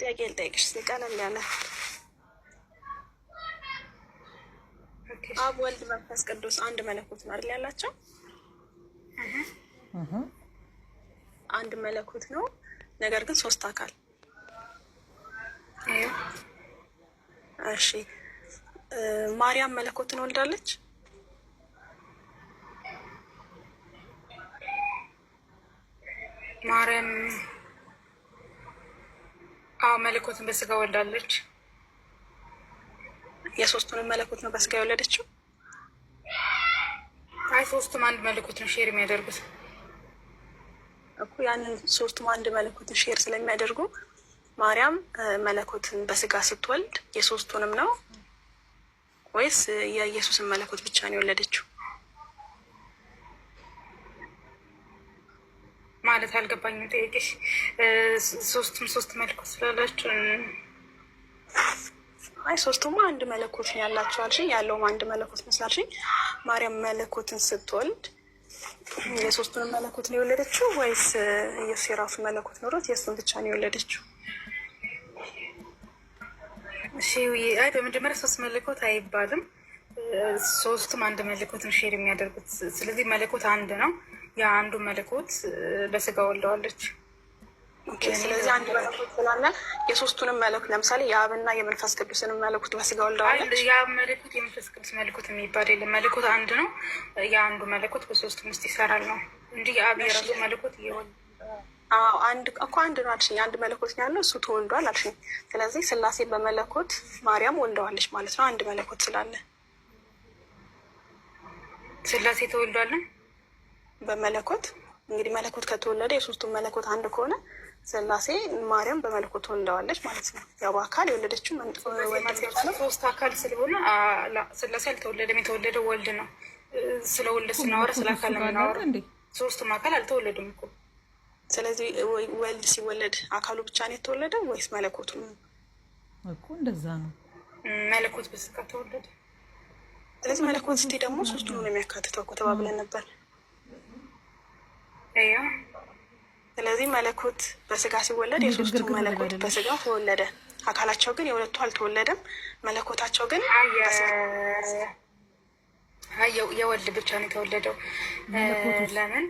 ጥያቄ ልጠይቅሽ። ቀለል ያለ አብ ወልድ መንፈስ ቅዱስ አንድ መለኮት ነው አይደል? ያላቸው አንድ መለኮት ነው፣ ነገር ግን ሶስት አካል። እሺ ማርያም መለኮትን ወልዳለች? ማርያም አዎ መለኮትን በስጋ ወልዳለች። የሶስቱንም መለኮት ነው በስጋ የወለደችው። አይ ሶስቱም አንድ መለኮት ነው ሼር የሚያደርጉት እኮ ያንን ሶስቱም አንድ መለኮትን ሼር ስለሚያደርጉ ማርያም መለኮትን በስጋ ስትወልድ የሶስቱንም ነው ወይስ የኢየሱስን መለኮት ብቻ ነው የወለደችው? ማለት አልገባኝም። ጠይቅሽ ሶስትም ሶስት መልኮ ስላላችሁ አይ ሶስቱም አንድ መለኮት ነው ያላቸው አልሽኝ። ያለውም አንድ መለኮት መስላልሽኝ። ማርያም መለኮትን ስትወልድ የሶስቱን መለኮት ነው የወለደችው ወይስ ኢየሱስ የራሱ መለኮት ኖሮት የእሱን ብቻ ነው የወለደችው? እሺ፣ አይ በመጀመሪያ ሶስት መለኮት አይባልም። ሶስቱም አንድ መለኮትን ሼር የሚያደርጉት ስለዚህ መለኮት አንድ ነው። ያ አንዱ መለኮት በስጋ ወልደዋለች። ስለዚህ አንድ መለኮት ስላለ የሶስቱንም መለኮት ለምሳሌ የአብና የመንፈስ ቅዱስንም መለኮት በስጋ ወልደዋለች። ያ መለኮት የመንፈስ ቅዱስ መለኮት የሚባል የለም። መለኮት አንድ ነው። የአንዱ መለኮት በሶስቱም ውስጥ ይሰራል ነው እንጂ የአብ የራሱ መለኮት እየወል አንድ እኮ አንድ ነው አልሽኝ። አንድ መለኮት ነው ያለው እሱ ተወልዷል አልሽኝ። ስለዚህ ስላሴ በመለኮት ማርያም ወልደዋለች ማለት ነው አንድ መለኮት ስላለ ስላሴ ተወልዷልን? በመለኮት እንግዲህ መለኮት ከተወለደ የሶስቱም መለኮት አንድ ከሆነ ስላሴ ማርያም በመለኮት ተወልደዋለች ማለት ነው። ያው በአካል የወለደችው ሶስት አካል ስለሆነ ስላሴ አልተወለደም። የተወለደው ወልድ ነው። ስለ ወልድ ስናወራ ስለ አካል ነው የምናወራው። ሶስቱም አካል አልተወለዱም እኮ ስለዚህ ወልድ ሲወለድ አካሉ ብቻ ነው የተወለደ ወይስ መለኮቱ እኮ? እንደዛ ነው መለኮት በስጋ ተወለደ። ስለዚህ መለኮት ስቴ ደግሞ ሶስቱ ነው የሚያካትተው እኮ ተባብለን ነበር። ስለዚህ መለኮት በስጋ ሲወለድ የሶስቱ መለኮት በስጋ ተወለደ። አካላቸው ግን የሁለቱ አልተወለደም። መለኮታቸው ግን የወልድ ብቻ ነው የተወለደው። ለምን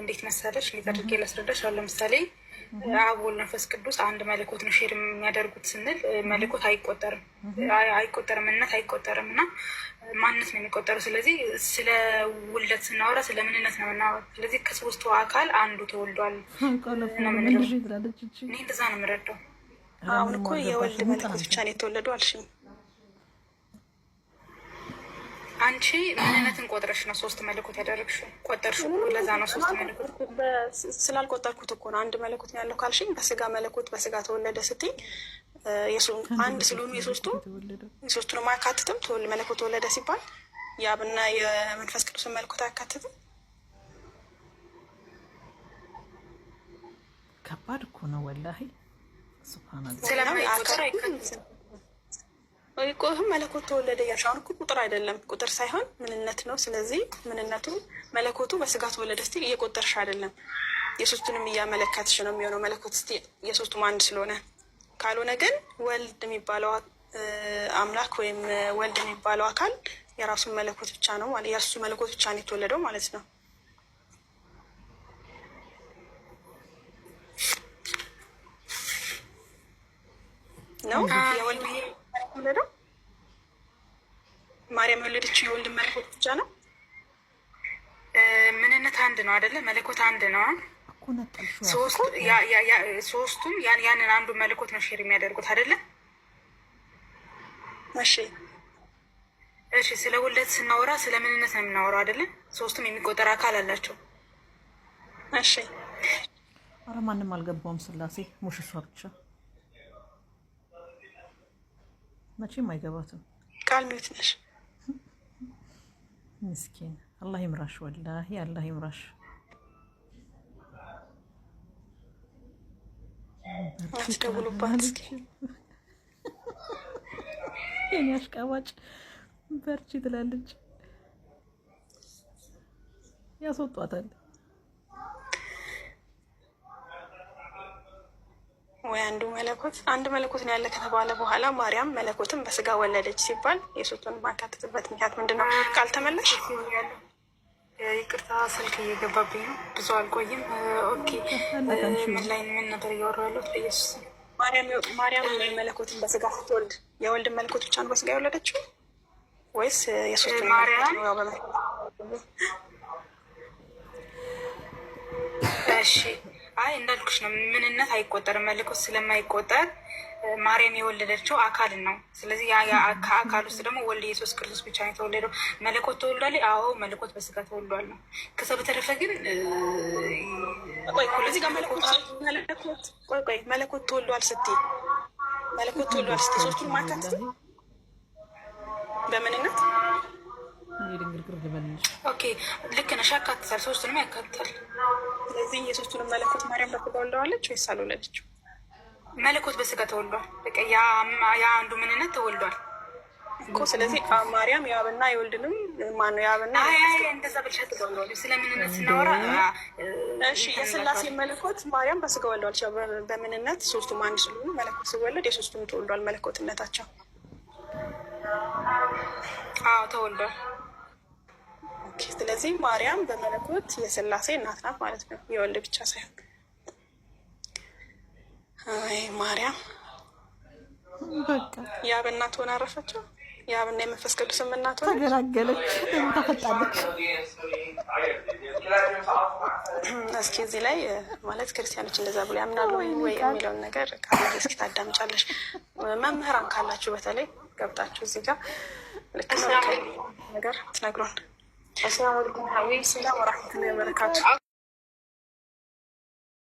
እንዴት መሰለሽ ሊጠርጌ ላስረዳሽ አሁን ለምሳሌ አብ ወልድ መንፈስ ቅዱስ አንድ መለኮት ነው ሼር የሚያደርጉት ስንል መለኮት አይቆጠርም አይቆጠርም እናት አይቆጠርም እና ማንነት ነው የሚቆጠሩ ስለዚህ ስለ ውለት ስናወራ ስለ ምንነት ነው ና ስለዚህ ከሶስቱ አካል አንዱ ተወልዷል እኔ እንደዛ ነው የምረዳው። አሁን እኮ የወልድ መለኮት ብቻ ነው የተወለዱ አልሽም አንቺ ምን ምንነትን ቆጥረሽ ነው ሶስት መለኮት ያደረግሽው? ቆጠርሽው። ለዛ ነው ሶስት መለኮት ስላልቆጠርኩት እኮ ነው። አንድ መለኮት ነው ያለው ካልሽኝ በስጋ መለኮት በስጋ ተወለደ ስትኝ አንድ ስለሆኑ የሶስቱ የሶስቱንም አያካትትም። መለኮት ተወለደ ሲባል የአብና የመንፈስ ቅዱስን መለኮት አያካትትም። ከባድ እኮ ነው ወላሂ። ሱብሃነላህ ይህም መለኮት ተወለደ እያልሽ አሁን እኮ ቁጥር አይደለም ቁጥር ሳይሆን ምንነት ነው። ስለዚህ ምንነቱ መለኮቱ በስጋ ተወለደ ስቲል እየቆጠርሽ አይደለም፣ የሶስቱንም እያመለከትሽ ነው የሚሆነው። መለኮት ስቲል የሶስቱም አንድ ስለሆነ ካልሆነ ግን ወልድ የሚባለው አምላክ ወይም ወልድ የሚባለው አካል የራሱን መለኮት ብቻ ነው ማለት የእሱ መለኮት ብቻ ነው የተወለደው ማለት ነው። ነው የወልድ የወለደችው የወልድ መለኮት ብቻ ነው። ምንነት አንድ ነው አይደለ? መለኮት አንድ ነው። ሶስቱም ያንን አንዱ መለኮት ነው ሼር የሚያደርጉት አይደለ? እሺ፣ እሺ። ስለ ውልደት ስናወራ ስለ ምንነት ነው የምናወራው አይደለ? ሶስቱም የሚቆጠር አካል አላቸው። እሺ። አረ ማንም አልገባውም። ስላሴ ሙሽሷ ብቻ መቼም አይገባትም። ቃል ሚዩት ነሽ ምስኪን አላህ ይምራሽ፣ ወላሂ አላህ ይምራሽ። የኔ አሽቃባጭ በርቺ ትላለች፣ ያስወጧታል። ወይ አንዱ መለኮት አንድ መለኮት ነው ያለ ከተባለ በኋላ ማርያም መለኮትን በስጋ ወለደች ሲባል የሱቱን ማካተትበት ምክንያት ምንድን ነው? ቃል ተመለሽ። ይቅርታ ስልክ እየገባብኝ ነው፣ ብዙ አልቆይም። ኦኬ፣ ምን ላይ ምን ነበር እያወሩ ያሉት? በኢየሱስ ማርያም መለኮትን በስጋ ስትወልድ የወልድ መለኮት ብቻ ነው በስጋ የወለደችው ወይስ የሱቱን ማርያም? እሺ አይ እንዳልኩሽ ነው። ምንነት አይቆጠርም። መለኮት ስለማይቆጠር ማርያም የወለደችው አካልን ነው። ስለዚህ ከአካል ውስጥ ደግሞ ወልድ ኢየሱስ ክርስቶስ ብቻ ነው የተወለደው። መለኮት ተወልዷል። አዎ መለኮት በስጋ ተወልዷል ነው። ከዛ በተረፈ ግን ቆይ ቆይ መለኮት ተወልዷል ስትይ መለኮት ተወልዷል ስትይ ሶስቱን ማካተት በምንነት ግርግር የድንግርግር ኦኬ ልክ ነሽ። ያካትታል፣ ሶስቱንም ያካትታል። ስለዚህ የሶስቱን መለኮት ማርያም በስጋ ወልደዋለች ወይስ አልወለደችም? መለኮት በስጋ ተወልዷል። የአንዱ ምንነት ተወልዷል እኮ ስለዚህ ማርያም የአብና የወልድንም ማነው የአብና እንደዛ ብልሻ ስለምንነት ስናወራ እሺ የስላሴ መለኮት ማርያም በስጋ ወልደዋለች። በምንነት ሶስቱም አንድ ስለሆኑ መለኮት ሲወለድ የሶስቱም ተወልዷል መለኮትነታቸው። አዎ ተወልዷል። ስለዚህ ማርያም በመለኮት የስላሴ እናት ናት ማለት ነው። የወልድ ብቻ ሳይሆን አይ ማርያም የአብ እናት ሆና አረፈችው። የአብና የመንፈስ ቅዱስም እናት ሆና ተገላገለች፣ ተፈጣለች። እስኪ እዚህ ላይ ማለት ክርስቲያኖች እንደዛ ብሎ ያምናሉ ወይ የሚለውን ነገር እስኪ ታዳምጫለሽ። መምህራን ካላችሁ በተለይ ገብታችሁ እዚህ ጋር ልክ ነገር ትነግሯል السلام عليكم حبيبي السلام ورحمة الله وبركاته